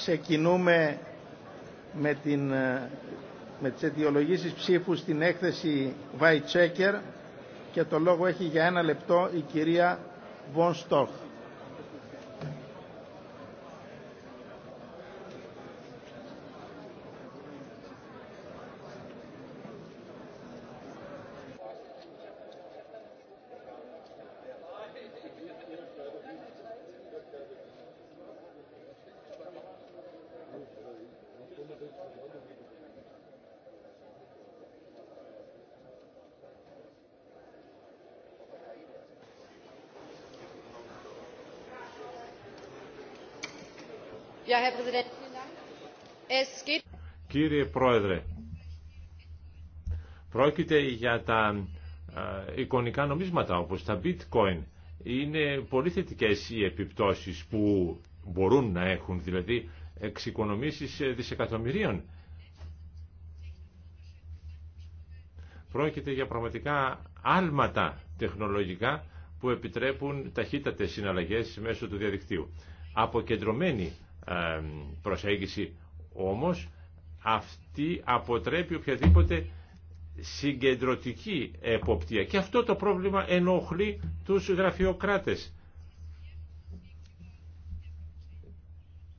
Ξεκινούμε με, την, ε, με τις αιτιολογήσεις ψήφου στην έκθεση Βαϊτσέκερ και το λόγο έχει για ένα λεπτό η κυρία Βον Στόχ. Κύριε Πρόεδρε, πρόκειται για τα εικονικά νομίσματα όπως τα bitcoin. Είναι πολύ θετικές οι επιπτώσεις που μπορούν να έχουν, δηλαδή εξοικονομήσεις ε, δισεκατομμυρίων. Πρόκειται για πραγματικά άλματα τεχνολογικά που επιτρέπουν ταχύτατες συναλλαγές μέσω του διαδικτύου. Αποκεντρωμένοι προσέγγιση όμως αυτή αποτρέπει οποιαδήποτε συγκεντρωτική εποπτεία και αυτό το πρόβλημα ενοχλεί τους γραφειοκράτες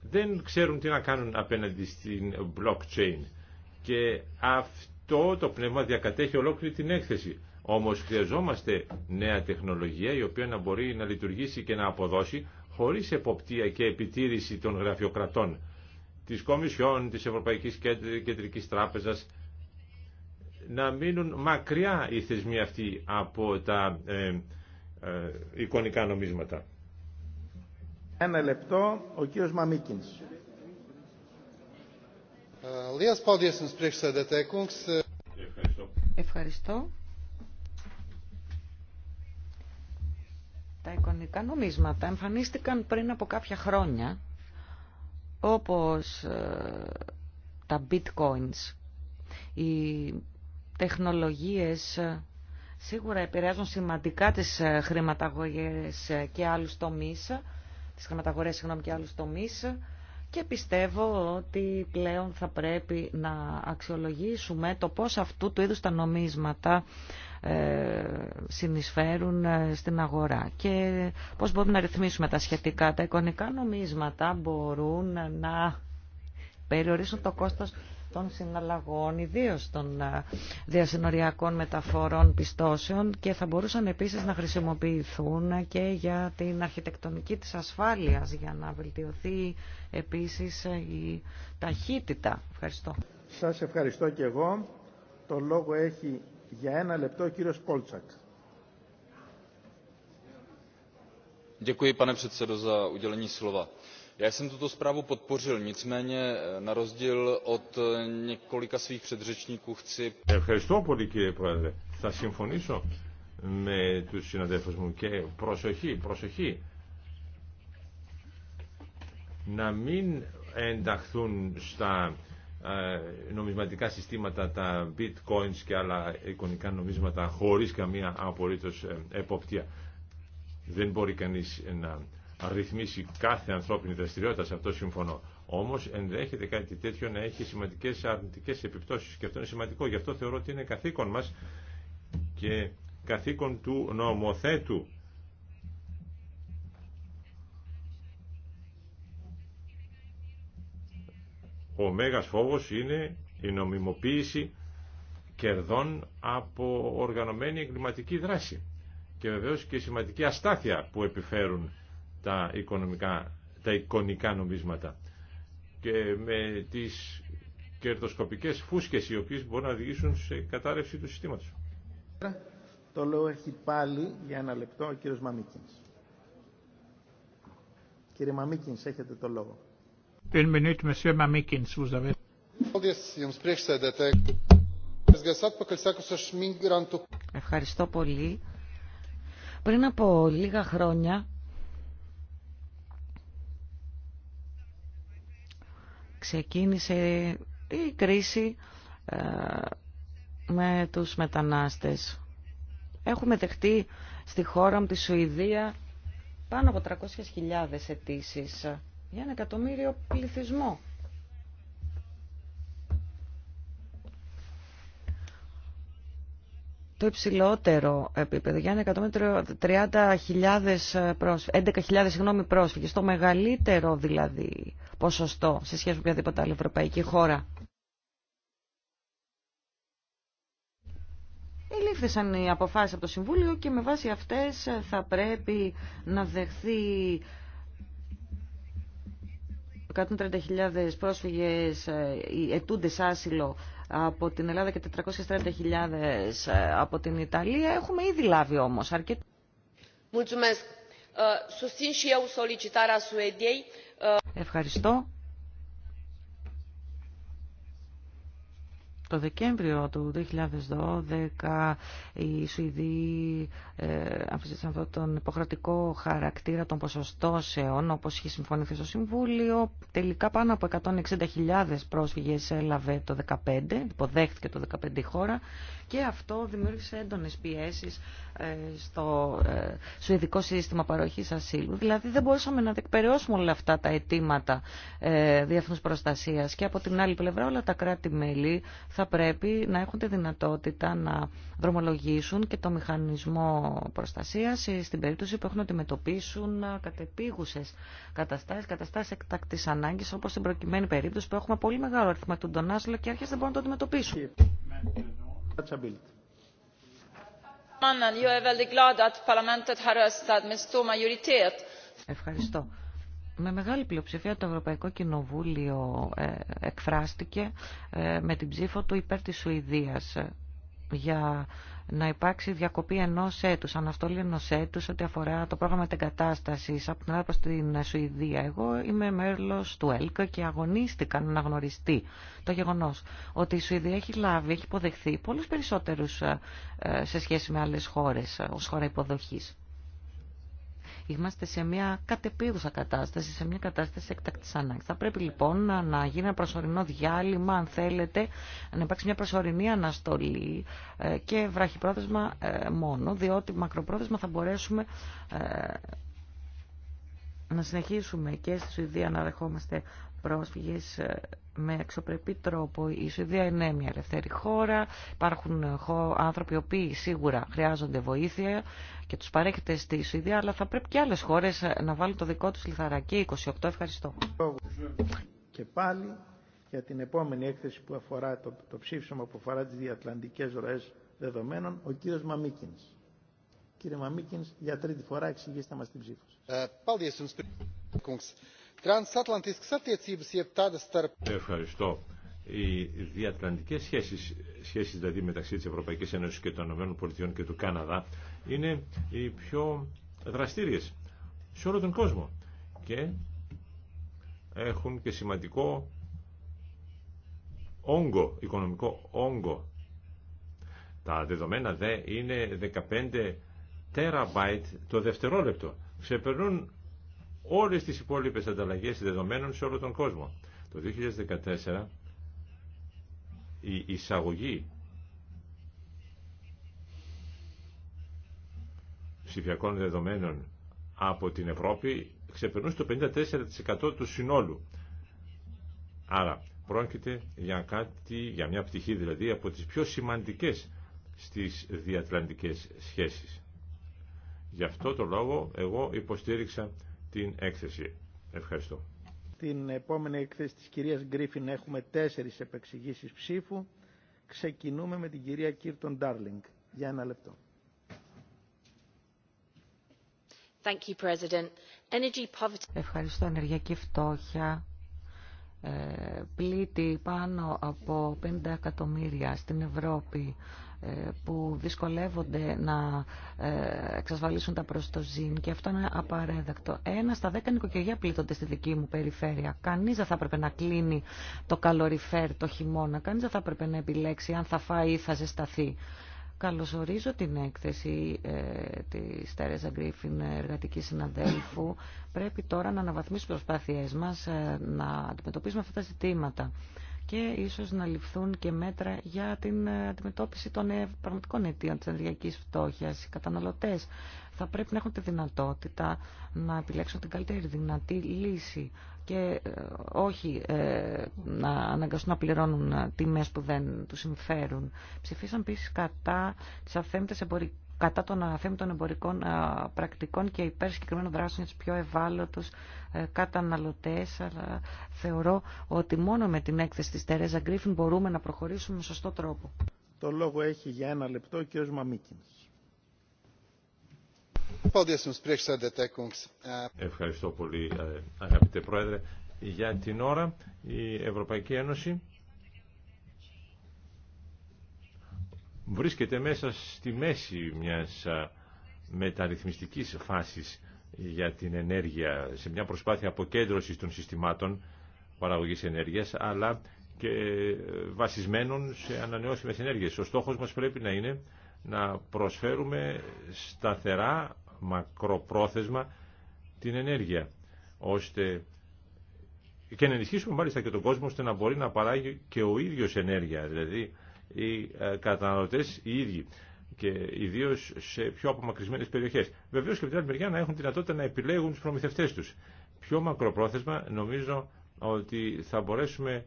δεν ξέρουν τι να κάνουν απέναντι στην blockchain και αυτό το πνεύμα διακατέχει ολόκληρη την έκθεση όμως χρειαζόμαστε νέα τεχνολογία η οποία να μπορεί να λειτουργήσει και να αποδώσει χωρίς εποπτεία και επιτήρηση των γραφειοκρατών της Κομισιόν, της Ευρωπαϊκής Κεντρικής Τράπεζας να μείνουν μακριά οι θεσμοί αυτοί από τα ε, ε, εικονικά νομίσματα. Ένα λεπτό, ο κύριος Μαμίκινς. Ε, Ευχαριστώ. Οι νομίσματα εμφανίστηκαν πριν από κάποια χρόνια όπως ε, τα bitcoins. Οι τεχνολογίες ε, σίγουρα επηρεάζουν σημαντικά τις ε, χρηματαγορές και άλλους τομείς, τις χρηματαγορές συγγνώμη, και άλλους τομείς και πιστεύω ότι πλέον θα πρέπει να αξιολογήσουμε το πώς αυτού του είδους τα νομίσματα ε, συνεισφέρουν ε, στην αγορά και πώς μπορούμε να ρυθμίσουμε τα σχετικά. Τα εικονικά νομίσματα μπορούν να περιορίσουν το κόστος των συναλλαγών, ιδίω των ε, διασυνοριακών μεταφορών πιστώσεων και θα μπορούσαν επίσης να χρησιμοποιηθούν και για την αρχιτεκτονική της ασφάλειας για να βελτιωθεί επίσης η ταχύτητα. Ευχαριστώ. Σας ευχαριστώ και εγώ. Το λόγο έχει για ένα λεπτό ο κύριος Πόλτσακ. Děkuji, Ευχαριστώ πολύ κύριε Πρόεδρε. Θα συμφωνήσω με τους συναδέλφους μου και προσοχή, προσοχή να μην ενταχθούν στα ε, νομισματικά συστήματα, τα bitcoins και άλλα εικονικά νομίσματα χωρίς καμία απολύτως ε, εποπτεία. Δεν μπορεί κανείς ε, να ρυθμίσει κάθε ανθρώπινη δραστηριότητα, σε αυτό συμφωνώ. Όμω ενδέχεται κάτι τέτοιο να έχει σημαντικέ αρνητικέ επιπτώσει και αυτό είναι σημαντικό. Γι' αυτό θεωρώ ότι είναι καθήκον μα και καθήκον του νομοθέτου Ο μέγας φόβος είναι η νομιμοποίηση κερδών από οργανωμένη εγκληματική δράση και βεβαίως και η σημαντική αστάθεια που επιφέρουν τα, οικονομικά, τα εικονικά νομίσματα και με τις κερδοσκοπικές φούσκες οι οποίες μπορούν να οδηγήσουν σε κατάρρευση του συστήματος. Το λόγο έχει πάλι για ένα λεπτό ο κύριος Μαμίκινς. Κύριε Μαμίκινς, έχετε το λόγο. Ευχαριστώ πολύ. Πριν από λίγα χρόνια ξεκίνησε η κρίση ε, με τους μετανάστες. Έχουμε δεχτεί στη χώρα μου τη Σουηδία πάνω από 300.000 αιτήσει για ένα εκατομμύριο πληθυσμό. Το υψηλότερο επίπεδο για ένα εκατομμύριο 30.000 πρόσφυγες, 11.000 συγγνώμη πρόσφυγες, το μεγαλύτερο δηλαδή ποσοστό σε σχέση με οποιαδήποτε άλλη ευρωπαϊκή χώρα. Ελήφθησαν οι αποφάσεις από το Συμβούλιο και με βάση αυτές θα πρέπει να δεχθεί 130.000 πρόσφυγες ε, σε άσυλο από την Ελλάδα και 430.000 ε, από την Ιταλία. Έχουμε ήδη λάβει όμως αρκετά. Ε, Ευχαριστώ. Το Δεκέμβριο του 2012 οι Σουηδοί ε, αμφισβήτησαν αυτό τον υποχρεωτικό χαρακτήρα των ποσοστώσεων όπως είχε συμφωνηθεί στο Συμβούλιο. Τελικά πάνω από 160.000 πρόσφυγες έλαβε το 2015, υποδέχθηκε το 2015 η χώρα και αυτό δημιούργησε έντονες πιέσεις ε, στο ε, σουηδικό σύστημα παροχής ασύλου. Δηλαδή δεν μπορούσαμε να δεκπεραιώσουμε όλα αυτά τα αιτήματα ε, διεθνούς προστασίας και από την άλλη πλευρά όλα τα κράτη-μέλη θα πρέπει να έχουν τη δυνατότητα να δρομολογήσουν και το μηχανισμό προστασίας στην περίπτωση που έχουν να αντιμετωπίσουν κατεπίγουσες καταστάσεις, καταστάσεις εκτακτής ανάγκης όπως στην προκειμένη περίπτωση που έχουμε πολύ μεγάλο αριθμό του Ντονάσλο και άρχισε δεν μπορούν να το αντιμετωπίσουν. Ευχαριστώ. Με μεγάλη πλειοψηφία το Ευρωπαϊκό Κοινοβούλιο ε, εκφράστηκε ε, με την ψήφο του υπέρ της Σουηδίας ε, για να υπάρξει διακοπή ενό έτου, αναστολή ενό έτου, ό,τι αφορά το πρόγραμμα εγκατάσταση από την Ελλάδα στην Σουηδία. Εγώ είμαι μέλο του ΕΛΚΑ και αγωνίστηκα να αναγνωριστεί το γεγονό ότι η Σουηδία έχει λάβει, έχει υποδεχθεί πολλού περισσότερου ε, σε σχέση με άλλε χώρε ω χώρα υποδοχή. Είμαστε σε μια κατεπίδουσα κατάσταση, σε μια κατάσταση εκτακτή ανάγκη. Θα πρέπει λοιπόν να γίνει ένα προσωρινό διάλειμμα, αν θέλετε, να υπάρξει μια προσωρινή αναστολή ε, και βραχυπρόθεσμα ε, μόνο, διότι μακροπρόθεσμα θα μπορέσουμε ε, να συνεχίσουμε και στη Σουηδία να δεχόμαστε πρόσφυγες ε, με εξωπρεπή τρόπο. Η Σουηδία είναι μια ελευθερή χώρα, υπάρχουν ε, άνθρωποι οι οποίοι σίγουρα χρειάζονται βοήθεια και τους παρέχεται στη Σουηδία, αλλά θα πρέπει και άλλες χώρες ε, να βάλουν το δικό τους λιθαρακί. 28, ευχαριστώ. Και πάλι για την επόμενη έκθεση που αφορά το, το ψήφισμα που αφορά τις διατλαντικές ροές δεδομένων, ο κύριος Μαμίκινς. Κύριε Μαμίκινς, για τρίτη φορά εξηγήστε μας την ψήφο ε, Ευχαριστώ. Οι διατλαντικέ σχέσει σχέσει δηλαδή μεταξύ τη Ευρωπαϊκή Ένωση και των ΗΠΑ και του Κάναδα είναι οι πιο δραστήριε σε όλο τον κόσμο και έχουν και σημαντικό όγκο, οικονομικό όγκο. Τα δεδομένα δε είναι 15 τεραμπάιτ το δευτερόλεπτο. Ξεπερνούν όλες τις υπόλοιπες ανταλλαγές δεδομένων σε όλο τον κόσμο. Το 2014 η εισαγωγή ψηφιακών δεδομένων από την Ευρώπη ξεπερνούσε το 54% του συνόλου. Άρα πρόκειται για κάτι, για μια πτυχή δηλαδή από τις πιο σημαντικές στις διατλαντικές σχέσεις. Γι' αυτό το λόγο εγώ υποστήριξα την έκθεση. Ευχαριστώ. Την επόμενη εκθέση της κυρίας Γκρίφιν έχουμε τέσσερις επεξηγήσεις ψήφου. Ξεκινούμε με την κυρία Κίρτον Ντάρλινγκ. Για ένα λεπτό. Thank you, President. Energy poverty... Ευχαριστώ. Ενεργειακή φτώχεια ε, πλήττει πάνω από 50 εκατομμύρια στην Ευρώπη. Ε, που δυσκολεύονται να ε, εξασφαλίσουν τα προστοζήν και αυτό είναι απαρέδεκτο. Ένα στα δέκα νοικοκυριά πλήττονται στη δική μου περιφέρεια. Κανεί δεν θα έπρεπε να κλείνει το καλοριφέρ το χειμώνα. κανεί δεν θα έπρεπε να επιλέξει αν θα φάει ή θα ζεσταθεί. Καλωσορίζω την έκθεση ε, της Τέρεζα Γκρίφιν, εργατική συναδέλφου. Πρέπει τώρα να αναβαθμίσουμε τις προσπάθειές μας ε, να αντιμετωπίσουμε αυτά τα ζητήματα και ίσως να ληφθούν και μέτρα για την αντιμετώπιση των πραγματικών αιτίων της ενεργειακή φτώχειας. Οι καταναλωτές θα πρέπει να έχουν τη δυνατότητα να επιλέξουν την καλύτερη δυνατή λύση και ε, όχι ε, να αναγκαστούν να πληρώνουν τιμές που δεν τους συμφέρουν. Ψηφίσαν επίση κατά τις αυθέμητες εμπορικές κατά των αναθέμητων εμπορικών ε, πρακτικών και υπέρ συγκεκριμένων δράσεων για του πιο ευάλωτου ε, καταναλωτέ. Αλλά θεωρώ ότι μόνο με την έκθεση τη Τερέζα Γκρίφιν μπορούμε να προχωρήσουμε με σωστό τρόπο. Το λόγο έχει για ένα λεπτό ο κ. Μαμίκιν. Ευχαριστώ πολύ ε, αγαπητέ Πρόεδρε. Για την ώρα η Ευρωπαϊκή Ένωση βρίσκεται μέσα στη μέση μιας μεταρρυθμιστικής φάσης για την ενέργεια σε μια προσπάθεια αποκέντρωσης των συστημάτων παραγωγής ενέργειας αλλά και ε, βασισμένων σε ανανεώσιμες ενέργειες. Ο στόχος μας πρέπει να είναι να προσφέρουμε σταθερά μακροπρόθεσμα την ενέργεια ώστε και να ενισχύσουμε μάλιστα και τον κόσμο ώστε να μπορεί να παράγει και ο ίδιος ενέργεια δηλαδή οι ε, καταναλωτές οι ίδιοι και ιδίω σε πιο απομακρυσμένε περιοχέ. Βεβαίω και από την άλλη μεριά να έχουν δυνατότητα να επιλέγουν του προμηθευτέ του. Πιο μακροπρόθεσμα νομίζω ότι θα μπορέσουμε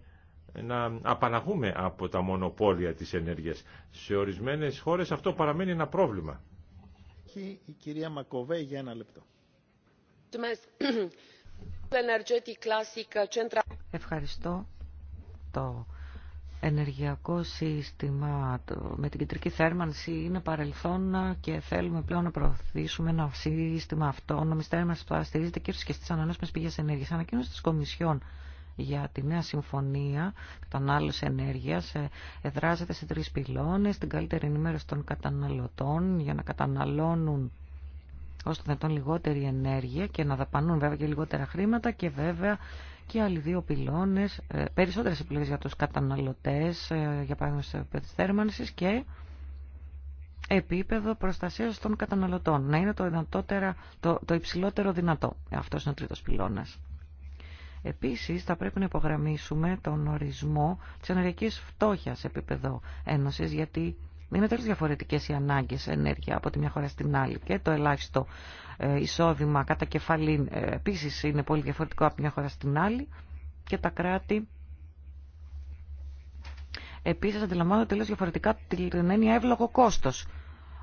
να απαναγούμε από τα μονοπόλια της ενέργειας. Σε ορισμένες χώρες αυτό παραμένει ένα πρόβλημα. η κυρία για ένα λεπτό. Ευχαριστώ. Το ενεργειακό σύστημα με την κεντρική θέρμανση είναι παρελθόν και θέλουμε πλέον να προωθήσουμε ένα σύστημα αυτό. Ο που θα στηρίζεται κυρίω και στις πηγέ πηγές ενέργειας. Ανακοίνωση τη Κομισιόν για τη νέα συμφωνία κατανάλωση ενέργεια. Ε, εδράζεται σε τρει πυλώνε. την καλύτερη ενημέρωση των καταναλωτών για να καταναλώνουν ώστε να ήταν λιγότερη ενέργεια και να δαπανούν βέβαια και λιγότερα χρήματα και βέβαια και άλλοι δύο πυλώνες, ε, περισσότερες επιλογές για τους καταναλωτές, ε, για παράδειγμα σε θέρμανσης και επίπεδο προστασίας των καταναλωτών, να είναι το, το, το υψηλότερο δυνατό. Αυτός είναι ο τρίτος πυλώνας. Επίσης, θα πρέπει να υπογραμμίσουμε τον ορισμό της ενεργειακής φτώχειας επίπεδο ένωσης, γιατί είναι τέλος διαφορετικές οι ανάγκες ενέργεια από τη μια χώρα στην άλλη και το ελάχιστο ε, εισόδημα κατά κεφαλή ε, επίσης είναι πολύ διαφορετικό από τη μια χώρα στην άλλη και τα κράτη επίσης αντιλαμβάνονται τελείως διαφορετικά την έννοια εύλογο κόστος.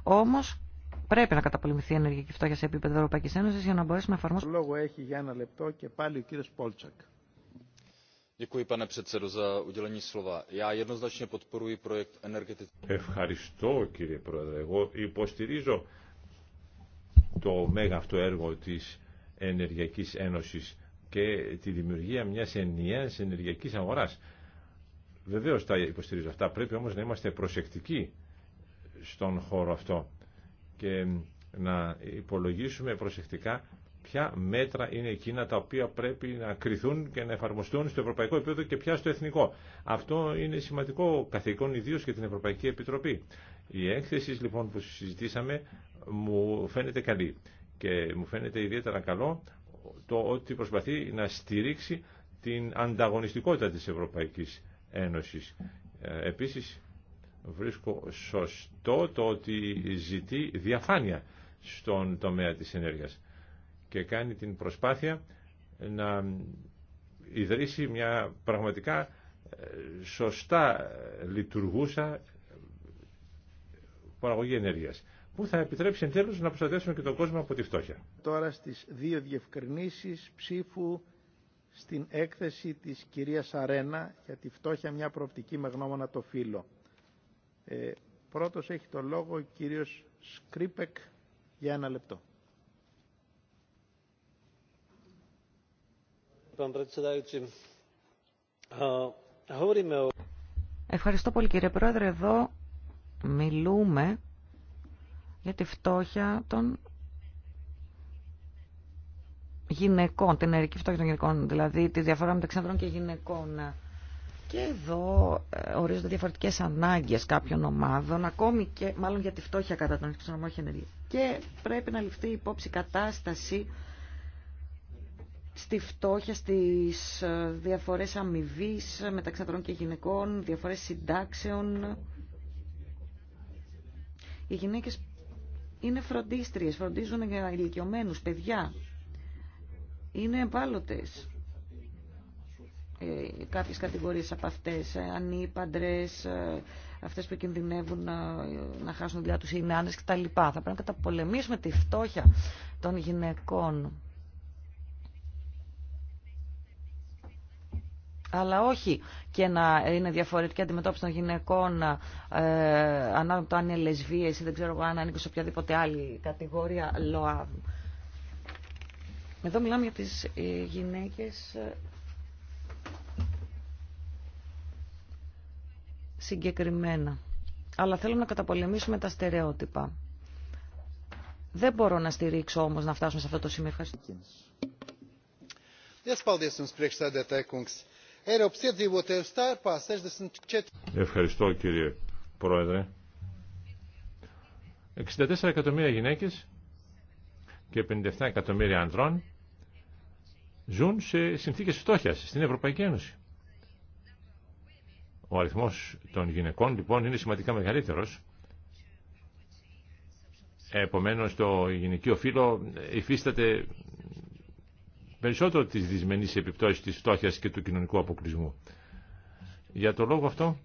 Όμως πρέπει να καταπολεμηθεί η ενεργειακή φτώχεια σε επίπεδο Ευρωπαϊκή Ένωση, για να μπορέσουμε να εφαρμόσουμε. Λόγο έχει για ένα λεπτό και πάλι ο κύριος Πόλτσακ. Ευχαριστώ κύριε Πρόεδρε. Εγώ υποστηρίζω το μέγα αυτό έργο της Ενεργειακής Ένωσης και τη δημιουργία μιας ενιαίας ενεργειακής αγοράς. Βεβαίως τα υποστηρίζω αυτά. Πρέπει όμως να είμαστε προσεκτικοί στον χώρο αυτό και να υπολογίσουμε προσεκτικά ποια μέτρα είναι εκείνα τα οποία πρέπει να κριθούν και να εφαρμοστούν στο ευρωπαϊκό επίπεδο και πια στο εθνικό. Αυτό είναι σημαντικό καθηκόν ιδίω για την Ευρωπαϊκή Επιτροπή. Η έκθεση λοιπόν που συζητήσαμε μου φαίνεται καλή και μου φαίνεται ιδιαίτερα καλό το ότι προσπαθεί να στηρίξει την ανταγωνιστικότητα της Ευρωπαϊκής Ένωσης. Ε, επίσης βρίσκω σωστό το ότι ζητεί διαφάνεια στον τομέα της ενέργειας και κάνει την προσπάθεια να ιδρύσει μια πραγματικά ε, σωστά λειτουργούσα παραγωγή ενέργειας που θα επιτρέψει εν τέλος να προστατεύσουμε και τον κόσμο από τη φτώχεια. Τώρα στις δύο διευκρινήσεις ψήφου στην έκθεση της κυρίας Αρένα για τη φτώχεια μια προοπτική με γνώμονα το φύλλο. Ε, πρώτος έχει το λόγο ο κύριος Σκρίπεκ για ένα λεπτό. Ευχαριστώ πολύ κύριε Πρόεδρε. Εδώ μιλούμε για τη φτώχεια των γυναικών, την ερική φτώχεια των γυναικών, δηλαδή τη διαφορά μεταξύ ανδρών και γυναικών. Και εδώ ε, ορίζονται διαφορετικές ανάγκες κάποιων ομάδων, ακόμη και μάλλον για τη φτώχεια κατά τον εξωτερικό Και πρέπει να ληφθεί υπόψη κατάσταση στη φτώχεια, στις ε, διαφορές αμοιβή μεταξύ ανδρών και γυναικών, διαφορές συντάξεων. Οι γυναίκες είναι φροντίστριες, φροντίζουν για ηλικιωμένους, παιδιά. Είναι επάλωτες ε, κάποιες κατηγορίες από αυτές, ε, ανήπαντρες, ε, αυτές που κινδυνεύουν να, ε, να χάσουν δουλειά τους, οι νεάνες κτλ. Θα πρέπει να καταπολεμήσουμε τη φτώχεια των γυναικών. αλλά όχι και να είναι διαφορετική αντιμετώπιση των γυναικών ε, ανάλογα το αν είναι λεσβίες ή δεν ξέρω αν ανήκει σε οποιαδήποτε άλλη κατηγορία ΛΟΑΔ. Εδώ μιλάμε για τις ε, γυναίκες ε, συγκεκριμένα. Αλλά θέλουμε να καταπολεμήσουμε τα στερεότυπα. Δεν μπορώ να στηρίξω όμως να φτάσουμε σε αυτό το σημείο. Ευχαριστώ. Ευχαριστώ κύριε Πρόεδρε. 64 εκατομμύρια γυναίκες και 57 εκατομμύρια ανδρών ζουν σε συνθήκες φτώχειας στην Ευρωπαϊκή Ένωση. Ο αριθμός των γυναικών λοιπόν είναι σημαντικά μεγαλύτερος. Επομένως το γυναικείο φύλλο υφίσταται περισσότερο τις δυσμενείς επιπτώσεις της φτώχειας και του κοινωνικού αποκλεισμού. Για το λόγο αυτό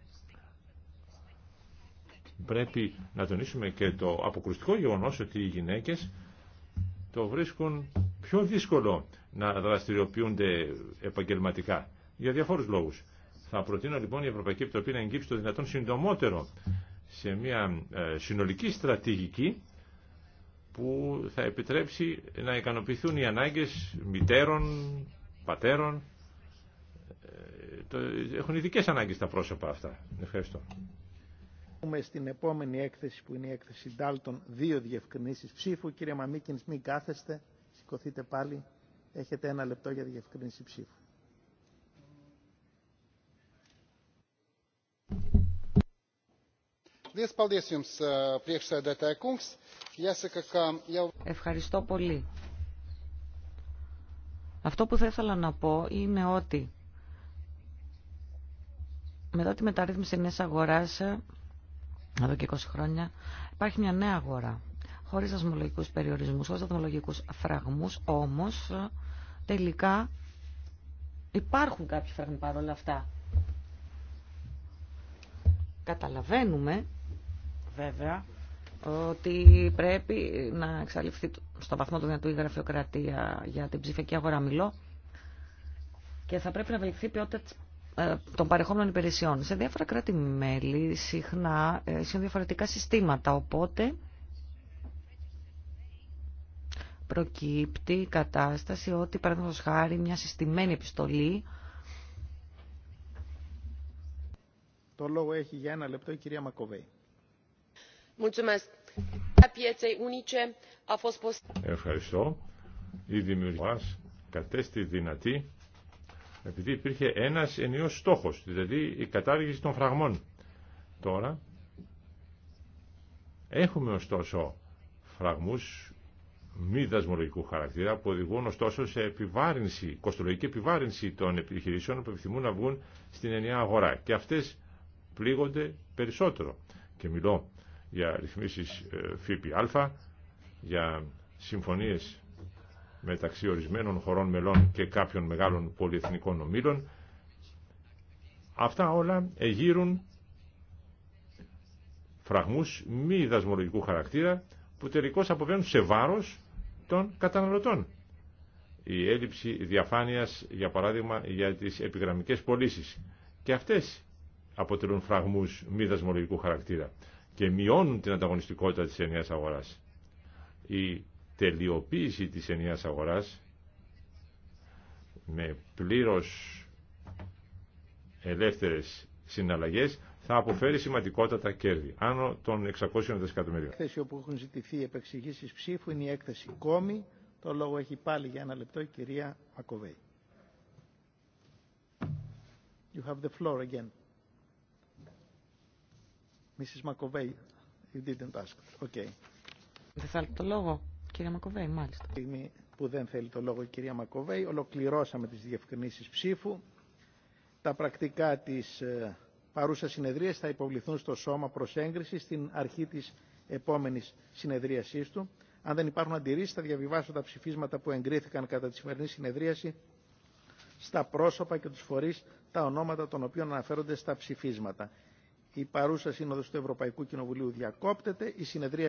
πρέπει να τονίσουμε και το αποκρουστικό γεγονός ότι οι γυναίκες το βρίσκουν πιο δύσκολο να δραστηριοποιούνται επαγγελματικά για διαφόρους λόγους. Θα προτείνω λοιπόν η Ευρωπαϊκή Επιτροπή να εγγύψει το δυνατόν συντομότερο σε μια ε, συνολική στρατηγική που θα επιτρέψει να ικανοποιηθούν οι ανάγκες μητέρων, πατέρων. Ε, έχουν ειδικέ ανάγκες τα πρόσωπα αυτά. Ευχαριστώ. Έχουμε στην επόμενη έκθεση που είναι η έκθεση Ντάλτον δύο διευκρινήσεις ψήφου. Κύριε Μαμίκινς, μην κάθεστε, σηκωθείτε πάλι. Έχετε ένα λεπτό για διευκρινήση ψήφου. Ευχαριστώ πολύ. Αυτό που θα ήθελα να πω είναι ότι μετά τη μεταρρύθμιση νέας αγοράς, εδώ και 20 χρόνια, υπάρχει μια νέα αγορά. Χωρίς δασμολογικούς περιορισμούς, χωρίς δασμολογικούς φραγμούς, όμως τελικά υπάρχουν κάποιοι φραγμοί παρόλα αυτά. Καταλαβαίνουμε βέβαια ότι πρέπει να εξαλειφθεί στο βαθμό του δυνατού η γραφειοκρατία για την ψηφιακή αγορά μιλώ και θα πρέπει να βελτιθεί ποιότητα ε, των παρεχόμενων υπηρεσιών. Σε διάφορα κράτη-μέλη συχνά σε διαφορετικά συστήματα, οπότε προκύπτει η κατάσταση ότι παραδείγματος χάρη μια συστημένη επιστολή Το λόγο έχει για ένα λεπτό η κυρία Μακοβέη. Ευχαριστώ. Η δημιουργία κατέστη δυνατή επειδή υπήρχε ένας ενιαίος στόχος, δηλαδή η κατάργηση των φραγμών. Τώρα έχουμε ωστόσο φραγμούς μη δασμολογικού χαρακτήρα που οδηγούν ωστόσο σε επιβάρυνση, κοστολογική επιβάρυνση των επιχειρήσεων που επιθυμούν να βγουν στην ενιαία αγορά. Και αυτές πλήγονται περισσότερο. Και μιλώ για ρυθμίσεις ε, ΦΠΑ, για συμφωνίες μεταξύ ορισμένων χωρών μελών και κάποιων μεγάλων πολυεθνικών ομίλων. Αυτά όλα εγείρουν φραγμούς μη δασμολογικού χαρακτήρα που τελικώς αποβαίνουν σε βάρος των καταναλωτών. Η έλλειψη διαφάνειας, για παράδειγμα, για τις επιγραμμικές πωλήσει. Και αυτές αποτελούν φραγμούς μη δασμολογικού χαρακτήρα και μειώνουν την ανταγωνιστικότητα της ενιαίας αγοράς. Η τελειοποίηση της ενιαίας αγοράς με πλήρως ελεύθερες συναλλαγές θα αποφέρει σημαντικότατα κέρδη, άνω των 600 δισεκατομμυρίων. Η έκθεση όπου έχουν ζητηθεί επεξηγήσεις ψήφου είναι η έκθεση κόμη. Το λόγο έχει πάλι για ένα λεπτό η κυρία Μακοβέη. You have the floor again. Mrs. McAvey, you didn't ask. Okay. Δεν θέλει το λόγο, κυρία Μακοβέη, μάλιστα. Στιγμή που δεν θέλει το λόγο η κυρία Μακοβέη, ολοκληρώσαμε τις διευκρινήσεις ψήφου. Τα πρακτικά της ε, παρούσα συνεδρία, θα υποβληθούν στο σώμα προς έγκριση στην αρχή τη επόμενης συνεδρίασής του. Αν δεν υπάρχουν αντιρρήσεις θα διαβιβάσω τα ψηφίσματα που εγκρίθηκαν κατά τη σημερινή συνεδρίαση στα πρόσωπα και τους φορείς τα ονόματα των οποίων αναφέρονται στα ψηφίσματα. Η παρούσα σύνοδος του Ευρωπαϊκού Κοινοβουλίου διακόπτεται. Η συνεδρία